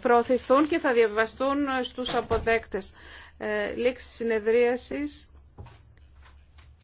προωθηθούν και θα διαβαστούν στους αποδέκτες. Ε, λήξη συνεδρίασης.